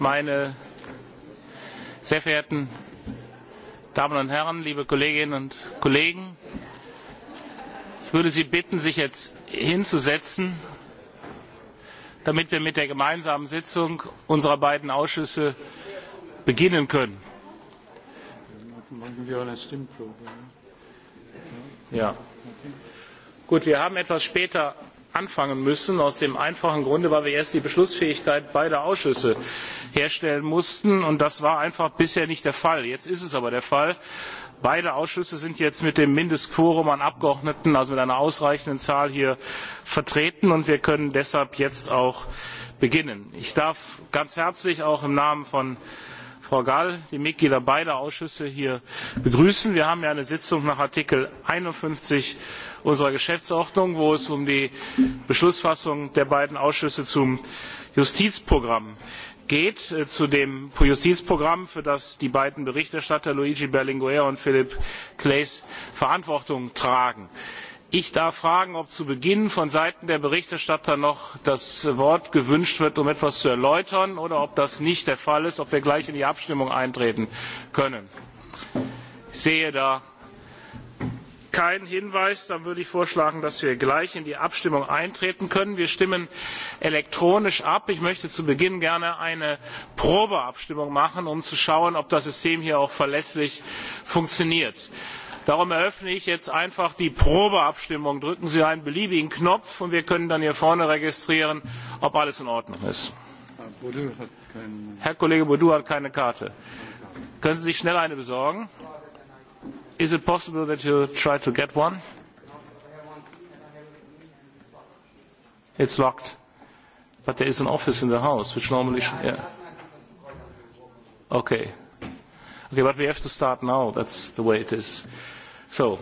meine sehr verehrten Damen und Herren, liebe Kolleginnen und Kollegen! Ich würde Sie bitten, sich jetzt hinzusetzen, damit wir mit der gemeinsamen Sitzung unserer beiden Ausschüsse beginnen können. Ja. Gut, wir haben etwas später anfangen müssen aus dem einfachen grunde weil wir erst die beschlussfähigkeit beider ausschüsse herstellen mussten und das war einfach bisher nicht der fall. jetzt ist es aber der fall. beide ausschüsse sind jetzt mit dem mindestquorum an abgeordneten also mit einer ausreichenden zahl hier vertreten und wir können deshalb jetzt auch beginnen. ich darf ganz herzlich auch im namen von frau gl die mitglieder beider ausschüsse hier begrüßen. wir haben ja eine sitzung nach artikel einundfünfzig unserer geschäftsordnung wo es um die beschlussfassung der beiden ausschüsse zum justizprogramm geht äh, zu dem justizprogramm für das die beiden berichterstatter luigi berlinguer und philippe claeys verantwortung tragen ich darf fragen ob zu beginn von seiten der berichterstatter noch das wort gewünscht wird um etwas zu erläutern oder ob das nicht der fall ist ob wir gleich in die abstimmung eintreten können. ich sehe da keinen hinweis dann würde ich vorschlagen dass wir gleich in die abstimmung eintreten können. wir stimmen elektronisch ab. ich möchte zu beginn gerne eine probeabstimmung machen um zu schauen ob das system hier auch verlässlich funktioniert darum eröffne ich jetzt einfach die probeabstimmung. drücken sie einen beliebigen knopf und wir können dann hier vorne registrieren ob alles in ordnung ist. herr kollege bodu hat keine karte. können sie sich schnell eine besorgen? is it possible that you try to get one? it's locked. but there is an office in the house which normally. Yeah. okay. Okay, but we have to start now. That's the way it is. So,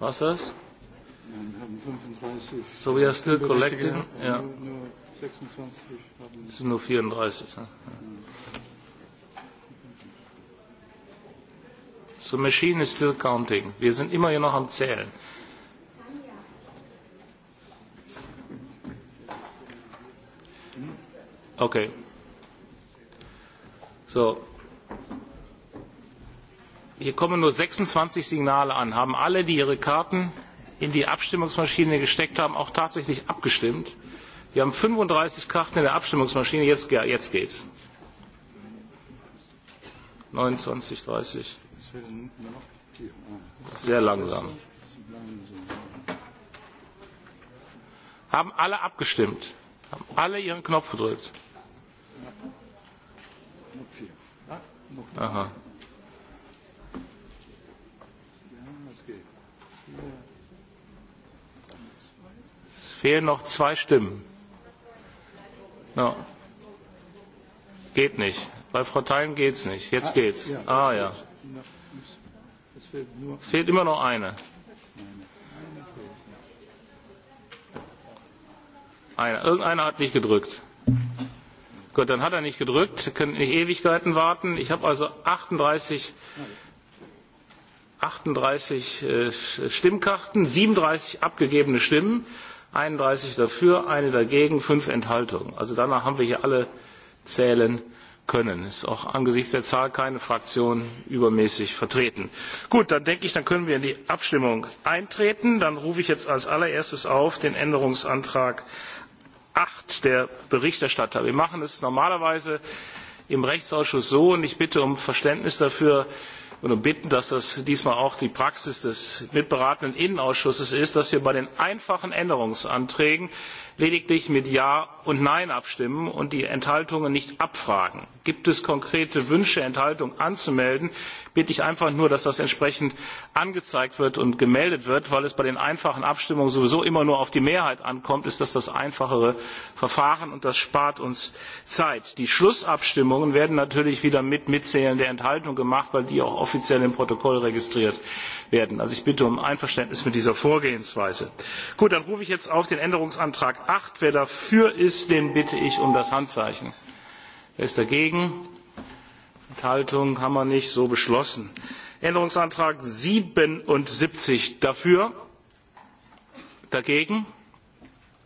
Was das? So, we are still collecting. Ja. Es sind nur 34. Ne? So, machine is still counting. Wir sind immer hier noch am Zählen. Okay. So. Hier kommen nur 26 Signale an. Haben alle, die ihre Karten in die Abstimmungsmaschine gesteckt haben, auch tatsächlich abgestimmt? Wir haben 35 Karten in der Abstimmungsmaschine. Jetzt, ja, jetzt geht's. 29, 30. Sehr langsam. Haben alle abgestimmt? Haben alle ihren Knopf gedrückt? Aha. Es fehlen noch zwei Stimmen. No. Geht nicht. Bei Frau Thein geht es nicht. Jetzt ah, geht's. Ja, ah ja. Es fehlt immer noch eine. Einer. Irgendeiner hat nicht gedrückt. Gut, dann hat er nicht gedrückt. Sie können nicht Ewigkeiten warten. Ich habe also 38 achtunddreißig äh, stimmkarten siebenunddreißig abgegebene stimmen einunddreißig dafür eine dagegen fünf enthaltungen. also danach haben wir hier alle zählen können. ist auch angesichts der zahl keine fraktion übermäßig vertreten. gut dann denke ich dann können wir in die abstimmung eintreten. dann rufe ich jetzt als allererstes auf den änderungsantrag acht der berichterstatter. wir machen es normalerweise im rechtsausschuss so und ich bitte um verständnis dafür und um bitten, dass das diesmal auch die Praxis des mitberatenden Innenausschusses ist, dass wir bei den einfachen Änderungsanträgen lediglich mit Ja und Nein abstimmen und die Enthaltungen nicht abfragen. Gibt es konkrete Wünsche, Enthaltungen anzumelden, bitte ich einfach nur, dass das entsprechend angezeigt wird und gemeldet wird, weil es bei den einfachen Abstimmungen sowieso immer nur auf die Mehrheit ankommt, ist das das einfachere Verfahren und das spart uns Zeit. Die Schlussabstimmungen werden natürlich wieder mit Mitzählen der Enthaltung gemacht, weil die auch oft offiziell im Protokoll registriert werden. Also ich bitte um Einverständnis mit dieser Vorgehensweise. Gut, dann rufe ich jetzt auf den Änderungsantrag 8. Wer dafür ist, den bitte ich um das Handzeichen. Wer ist dagegen? Enthaltung haben wir nicht so beschlossen. Änderungsantrag 77 dafür, dagegen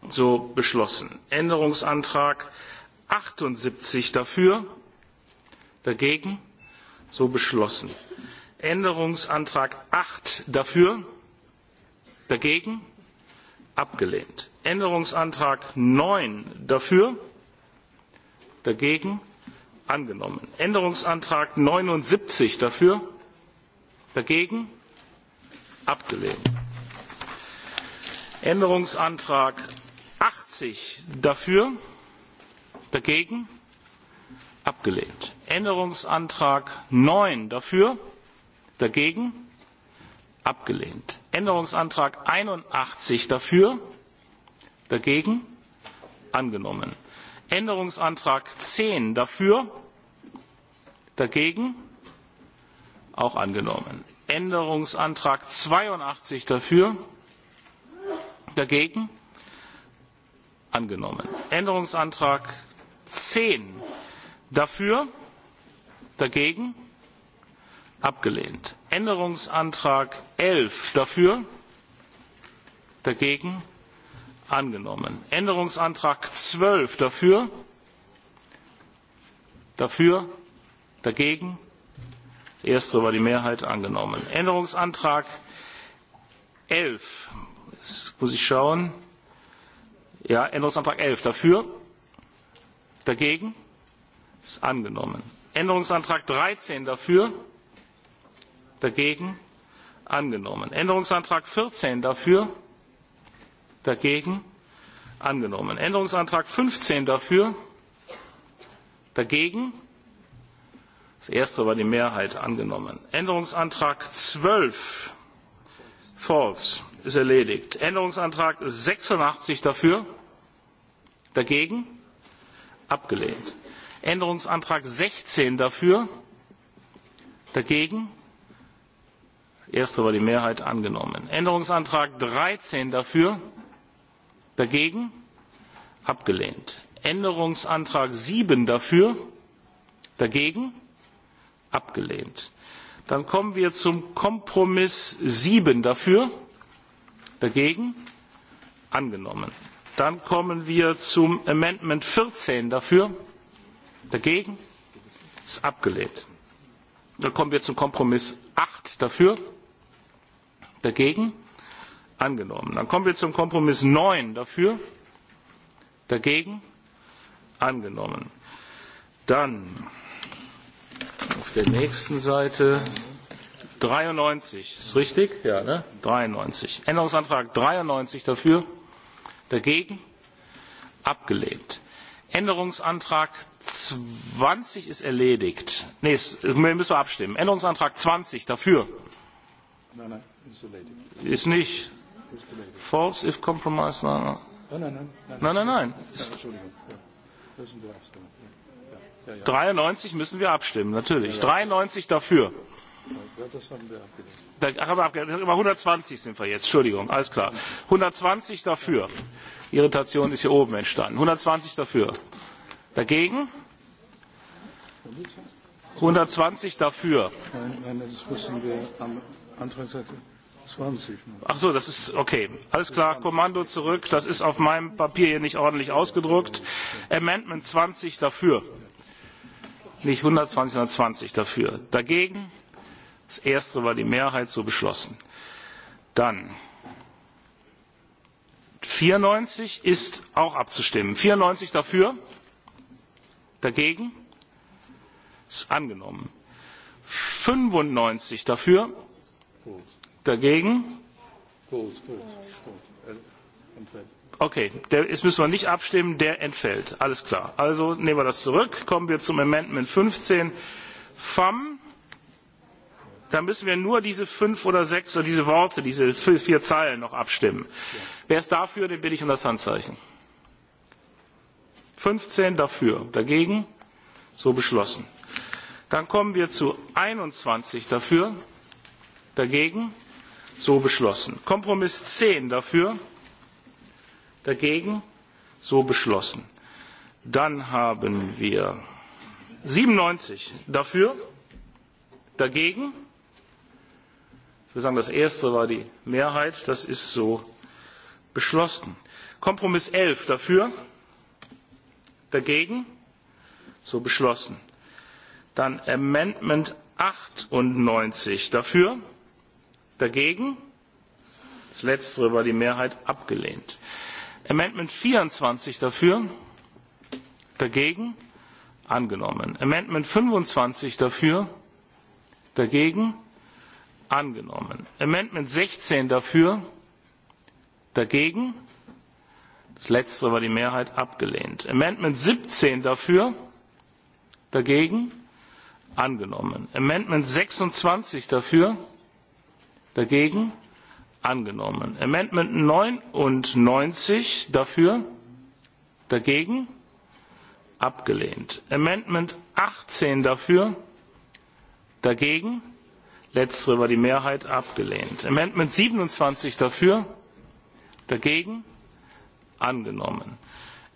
so beschlossen. Änderungsantrag 78 dafür, dagegen So beschlossen. Änderungsantrag 8 dafür, dagegen, abgelehnt. Änderungsantrag 9 dafür, dagegen, angenommen. Änderungsantrag 79 dafür, dagegen, abgelehnt. Änderungsantrag 80 dafür, dagegen, abgelehnt; änderungsantrag neun dafür dagegen abgelehnt; änderungsantrag einundachtzig dafür dagegen angenommen; änderungsantrag zehn dafür dagegen auch angenommen; änderungsantrag zweiundachtzig dafür dagegen angenommen; änderungsantrag zehn dafür dagegen abgelehnt; änderungsantrag elf dafür dagegen angenommen; änderungsantrag zwölf dafür dafür dagegen der erstere war die mehrheit angenommen; änderungsantrag elf jetzt muss ich schauen ja änderungsantrag elf dafür dagegen ist angenommen. Änderungsantrag 13 dafür, dagegen, angenommen. Änderungsantrag 14 dafür, dagegen, angenommen. Änderungsantrag 15 dafür, dagegen, das erste war die Mehrheit angenommen. Änderungsantrag 12, false, ist erledigt. Änderungsantrag 86 dafür, dagegen, abgelehnt änderungsantrag sechzehn dafür dagegen erster war die mehrheit angenommen; änderungsantrag dreizehn dafür dagegen abgelehnt; änderungsantrag sieben dafür dagegen abgelehnt. dann kommen wir zum kompromiss sieben dafür dagegen angenommen. dann kommen wir zum änderungsantrag vierzehn dafür Dagegen? Ist abgelehnt. Dann kommen wir zum Kompromiss 8 dafür. Dagegen? Angenommen. Dann kommen wir zum Kompromiss 9 dafür. Dagegen? Angenommen. Dann auf der nächsten Seite 93, ist richtig? Ja, ne? 93. Änderungsantrag 93 dafür, dagegen, abgelehnt. Änderungsantrag 20 ist erledigt. Nee, ist, müssen wir abstimmen. Änderungsantrag 20 dafür. Nein, nein, ist erledigt. Ist nicht. Ist erledigt. False if compromise. Nein, nein, nein. Nein, nein, nein. nein. Ist, Entschuldigung. Ja. Das sind wir abstimmen. 93 müssen wir abstimmen, natürlich. 93 dafür. Das haben wir abgelehnt. Da haben wir abgelehnt. Über 120 sind wir jetzt. Entschuldigung, alles klar. 120 dafür. Irritation ist hier oben entstanden. 120 dafür. Dagegen? 120 dafür. Nein, nein, das müssen wir am Antragsseite 20. Ach so, das ist okay. Alles klar, Kommando zurück. Das ist auf meinem Papier hier nicht ordentlich ausgedruckt. Amendment 20 dafür. Nicht 120, sondern 20 dafür. Dagegen? Das erste war die Mehrheit so beschlossen. Dann 94 ist auch abzustimmen. 94 dafür, dagegen, ist angenommen. 95 dafür, dagegen. Okay, der ist, müssen wir nicht abstimmen, der entfällt. Alles klar. Also nehmen wir das zurück. Kommen wir zum Amendment 15. FAM dann müssen wir nur diese fünf oder sechs oder diese Worte, diese vier Zeilen noch abstimmen. Wer ist dafür, den bitte ich um das Handzeichen. 15 dafür, dagegen so beschlossen. Dann kommen wir zu 21 dafür, dagegen so beschlossen. Kompromiss 10 dafür, dagegen so beschlossen. Dann haben wir 97 dafür, dagegen Ich will sagen, das erste war die Mehrheit. Das ist so beschlossen. Kompromiss 11 dafür, dagegen, so beschlossen. Dann Amendment 98 dafür, dagegen. Das letztere war die Mehrheit abgelehnt. Amendment 24 dafür, dagegen, angenommen. Amendment 25 dafür, dagegen, angenommen. Amendment 16 dafür, dagegen. Das letzte war die Mehrheit abgelehnt. Amendment 17 dafür, dagegen angenommen. Amendment 26 dafür, dagegen angenommen. Amendment 99 dafür, dagegen abgelehnt. Amendment 18 dafür, dagegen abgelehnt letztere über die mehrheit abgelehnt; änderungsantrag siebenundzwanzig dafür dagegen angenommen;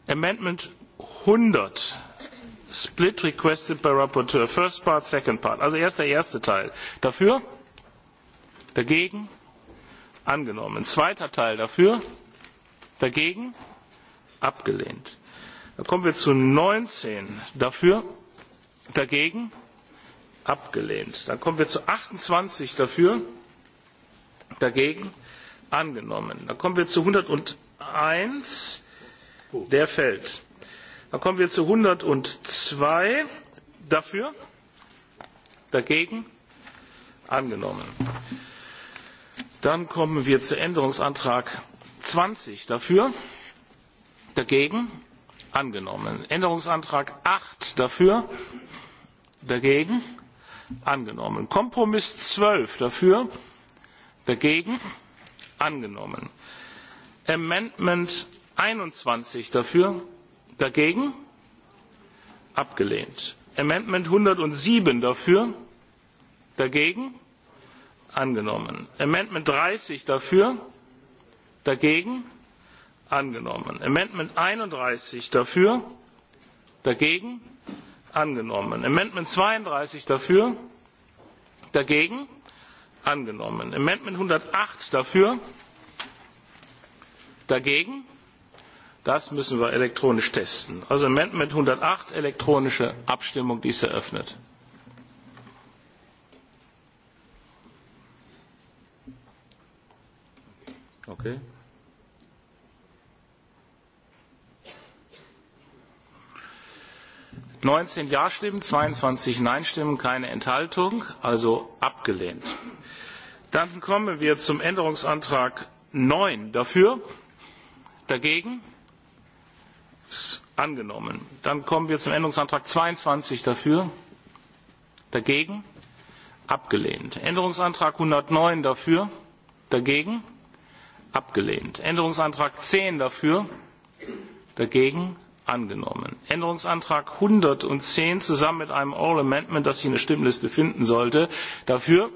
änderungsantrag einhundert split requested by rapporteur first part second part also erst der erste teil dafür dagegen angenommen; zweiter teil dafür dagegen abgelehnt. dann kommen wir zu neunzehn dafür dagegen abgelehnt. Dann kommen wir zu 28 dafür, dagegen angenommen. Dann kommen wir zu 101, der fällt. Dann kommen wir zu 102 dafür, dagegen angenommen. Dann kommen wir zu Änderungsantrag 20 dafür, dagegen angenommen. Änderungsantrag 8 dafür, dagegen angenommen angenommen. Kompromiss 12 dafür, dagegen angenommen. Amendment 21 dafür, dagegen abgelehnt. Amendment 107 dafür, dagegen angenommen. Amendment 30 dafür, dagegen angenommen. Amendment 31 dafür, dagegen angenommen angenommen; amendment zweiunddreißig dafür dagegen angenommen; amendment einhundertacht dafür dagegen das müssen wir elektronisch testen. also amendment einhundertacht elektronische abstimmung die ist eröffnet. Okay. neunzehn ja stimmen zweiundzwanzig nein stimmen keine enthaltung also abgelehnt. dann kommen wir zum änderungsantrag neun dafür dagegen ist angenommen. dann kommen wir zum änderungsantrag zweiundzwanzig dafür dagegen abgelehnt; änderungsantrag einhundertneun dafür dagegen abgelehnt; änderungsantrag zehn dafür dagegen angenommen. Änderungsantrag 110 zusammen mit einem Oral Amendment, das ich in der Stimmliste finden sollte. Dafür?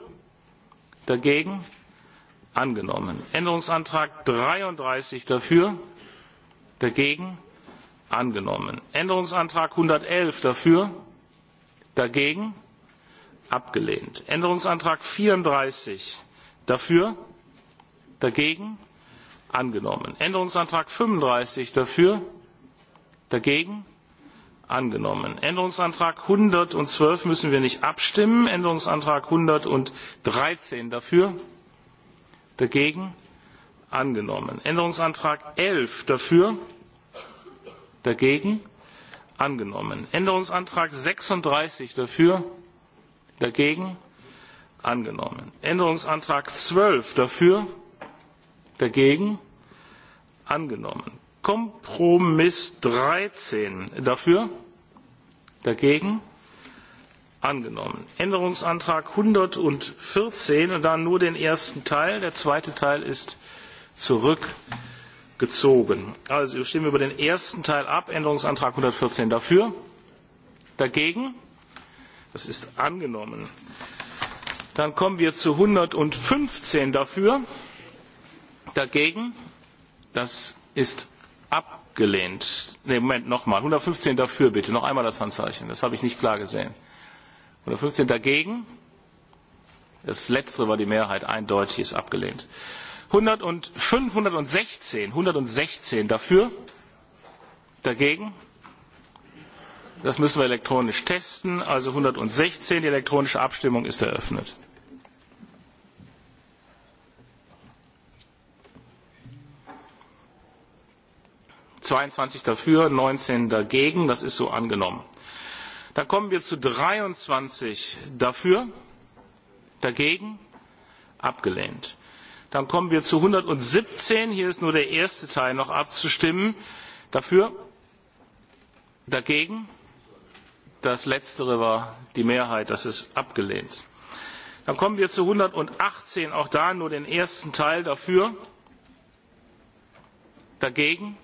Dagegen? Angenommen. Änderungsantrag 33 dafür? Dagegen? Angenommen. Änderungsantrag 111 dafür? Dagegen? Abgelehnt. Änderungsantrag 34 dafür? Dagegen? Angenommen. Änderungsantrag 35 dafür? dagegen angenommen. Änderungsantrag 112 müssen wir nicht abstimmen. Änderungsantrag 113 dafür, dagegen angenommen. Änderungsantrag 11 dafür, dagegen angenommen. Änderungsantrag 36 dafür, dagegen angenommen. Änderungsantrag 12 dafür, dagegen angenommen. Kompromiss 13 dafür, dagegen angenommen. Änderungsantrag 114 und dann nur den ersten Teil. Der zweite Teil ist zurückgezogen. Also wir stimmen über den ersten Teil ab. Änderungsantrag 114 dafür, dagegen. Das ist angenommen. Dann kommen wir zu 115 dafür, dagegen. Das ist abgelehnt. Ne, Moment, nochmal. 115 dafür bitte. Noch einmal das Handzeichen. Das habe ich nicht klar gesehen. 115 dagegen. Das letztere war die Mehrheit eindeutig, ist abgelehnt. 100 und 516, 116 dafür, dagegen. Das müssen wir elektronisch testen. Also 116, die elektronische Abstimmung ist eröffnet. zweiundzwanzig dafür neunzehn dagegen das ist so angenommen. dann kommen wir zu dreiundzwanzig dafür dagegen abgelehnt. dann kommen wir zu einhundertsiebzehn hier ist nur der erste teil noch abzustimmen dafür dagegen das letztere war die mehrheit das ist abgelehnt. dann kommen wir zu einhundertachtzehn auch da nur den ersten teil dafür dagegen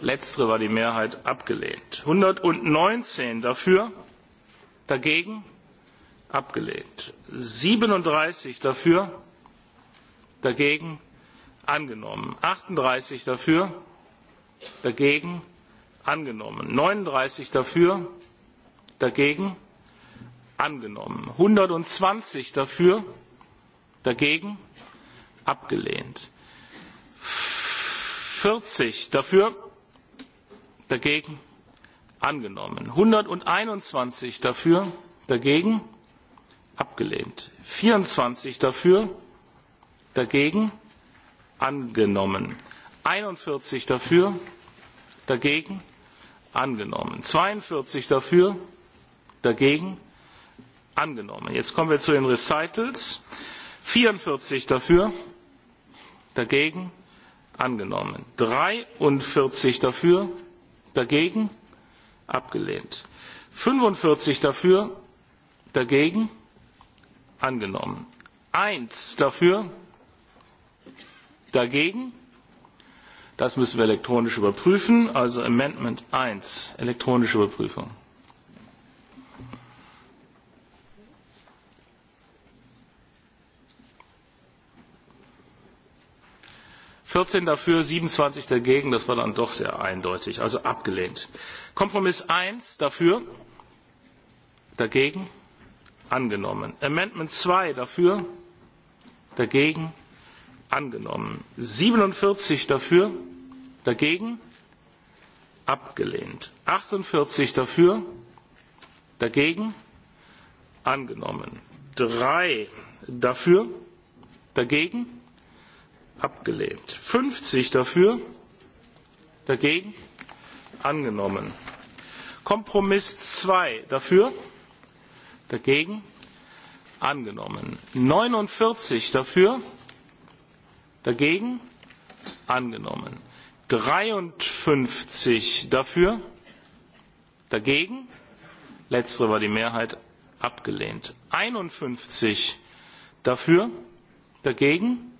letztere war die mehrheit abgelehnt; einhundertneunzehn dafür dagegen abgelehnt; siebenunddreißig dafür dagegen angenommen; achtunddreißig dafür dagegen angenommen; neununddreißig dafür dagegen angenommen; einhundertzwanzig dafür dagegen abgelehnt; vierzig dafür dagegen angenommen; einhunderteinundzwanzig dafür dagegen abgelehnt; vierundzwanzig dafür dagegen angenommen; einundvierzig dafür dagegen angenommen; zweiundvierzig dafür dagegen angenommen. jetzt kommen wir zu den recitals vierundvierzig dafür dagegen angenommen; dreiundvierzig dafür dagegen abgelehnt; fünfundvierzig dafür dagegen angenommen; eins dafür dagegen das müssen wir elektronisch überprüfen also änderungsantrag eins elektronische überprüfung. vierzehn dafür siebenundzwanzig dagegen das war dann doch sehr eindeutig also abgelehnt. kompromiss eins dafür dagegen angenommen; amendment zwei dafür dagegen angenommen; siebenundvierzig dafür dagegen abgelehnt; achtundvierzig dafür dagegen angenommen; drei dafür dagegen abgelehnt. fünfzig dafür dagegen angenommen. kompromiss zwei dafür dagegen angenommen. neunundvierzig dafür dagegen angenommen. dreiundfünfzig dafür dagegen letztere war die mehrheit abgelehnt. einundfünfzig dafür dagegen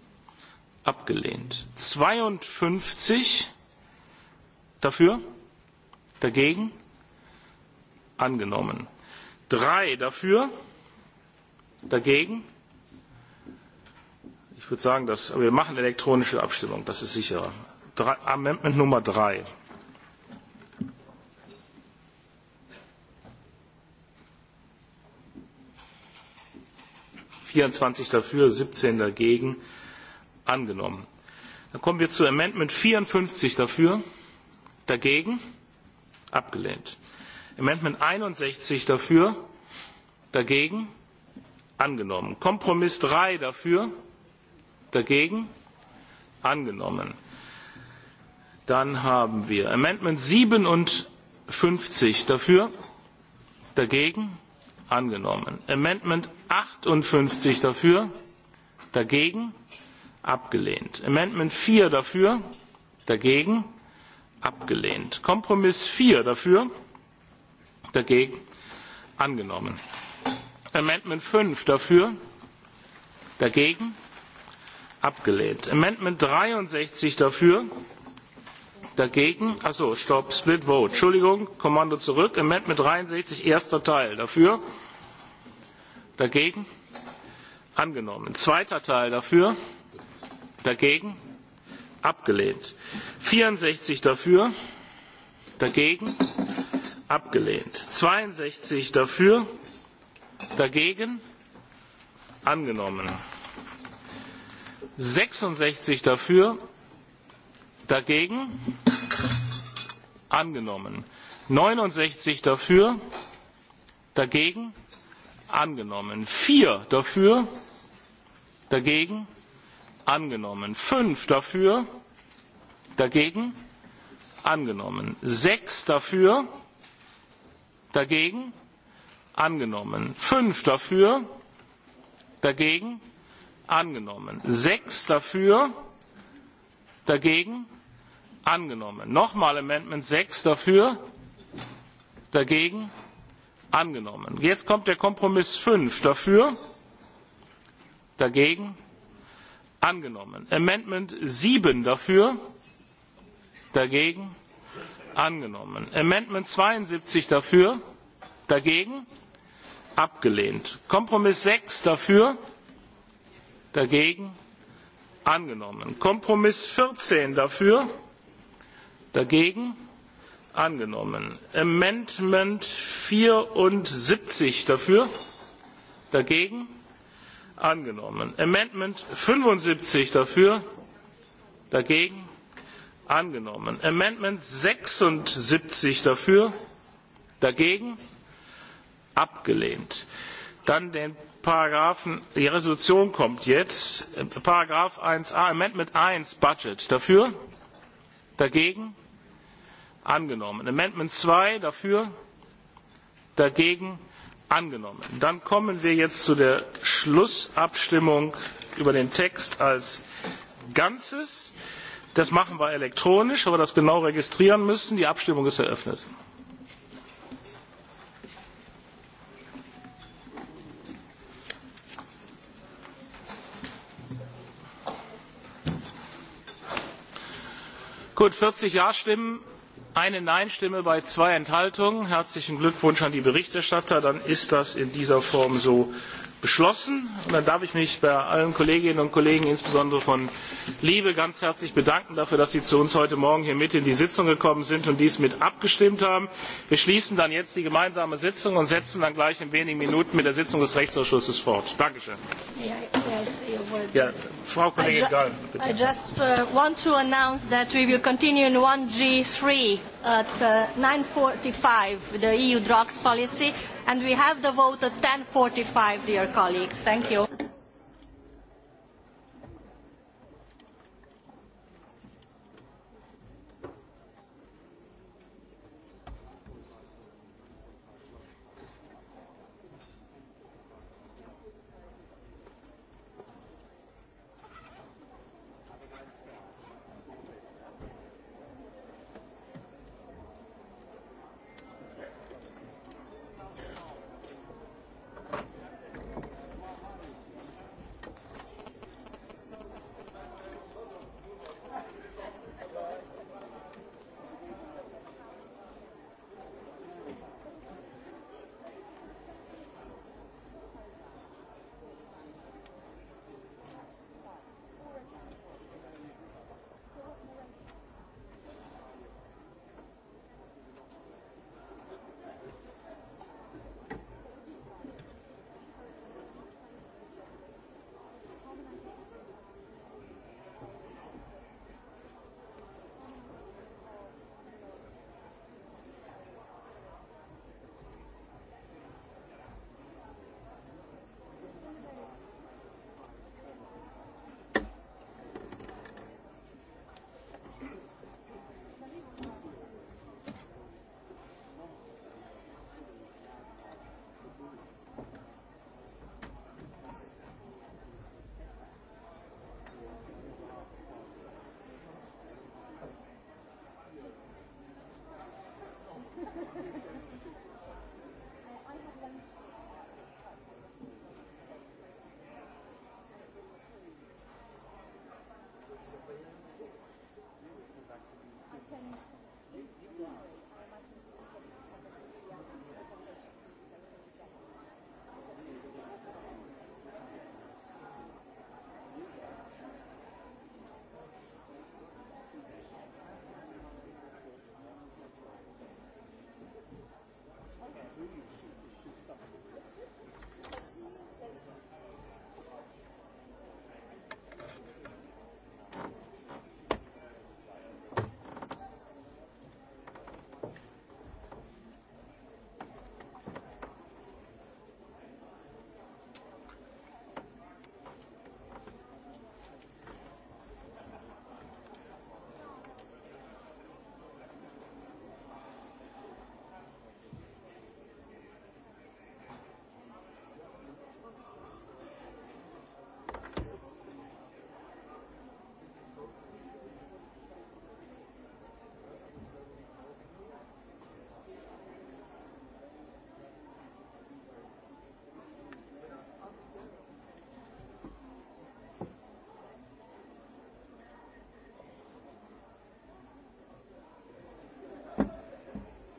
abgelehnt. 52 dafür, dagegen angenommen. 3 dafür, dagegen. Ich würde sagen, dass, aber wir machen elektronische Abstimmung, das ist sicherer. Drei, Amendment Nummer 3. vierundzwanzig dafür siebzehn dagegen angenommen. Dann kommen wir zu Amendment 54 dafür, dagegen abgelehnt. Amendment 61 dafür, dagegen angenommen. Kompromiss 3 dafür, dagegen angenommen. Dann haben wir Amendment 57 dafür, dagegen angenommen. Amendment 58 dafür, dagegen angenommen abgelehnt. Amendment 4 dafür, dagegen, abgelehnt. Kompromiss 4 dafür, dagegen, angenommen. Amendment 5 dafür, dagegen, abgelehnt. Amendment 63 dafür, dagegen, achso, stopp, Split Vote, Entschuldigung, Kommando zurück, Amendment 63, erster Teil, dafür, dagegen, angenommen. Zweiter Teil dafür, dagegen, dagegen abgelehnt; vierundsechzig dafür dagegen abgelehnt; zweiundsechzig dafür dagegen angenommen; sechsundsechzig dafür dagegen angenommen; neunundsechzig dafür dagegen angenommen; vier dafür dagegen angenommen; fünf dafür dagegen angenommen; sechs dafür dagegen angenommen; fünf dafür dagegen angenommen; sechs dafür dagegen angenommen; nochmal amendment sechs dafür dagegen angenommen. jetzt kommt der kompromiss fünf dafür dagegen angenommen; amendment sieben dafür dagegen angenommen; amendment zweiundsiebzig dafür dagegen abgelehnt; kompromiss sechs dafür dagegen angenommen; kompromiss vierzehn dafür dagegen angenommen; amendment vierundsiebzig dafür dagegen angenommen; amendment fünfundsiebzig dafür dagegen angenommen; amendment sechsundsiebzig dafür dagegen abgelehnt; dann den paragraphen die entschließung kommt jetzt paragraph eins a amendment eins budget dafür dagegen angenommen; amendment zwei dafür dagegen angenommen. dann kommen wir jetzt zu der schlussabstimmung über den text als ganzes. das machen wir elektronisch weil wir das genau registrieren müssen. die abstimmung ist eröffnet. gut vierzig ja stimmen eine nein stimme bei zwei enthaltungen. herzlichen glückwunsch an die berichterstatter dann ist das in dieser form so beschlossen. Und dann darf ich mich bei allen kolleginnen und kollegen insbesondere von libe ganz herzlich bedanken dafür dass sie zu uns heute morgen hier mit in die sitzung gekommen sind und dies mit abgestimmt haben. wir schließen dann jetzt die gemeinsame sitzung und setzen dann gleich in wenigen minuten mit der sitzung des rechtsausschusses fort. danke schön! Yes. Frau Kollegin Gall, bitte. I just uh, want to announce that we will continue in 1G3 at uh, 9.45, the EU drugs policy, and we have the vote at 10.45, dear colleagues. Thank you.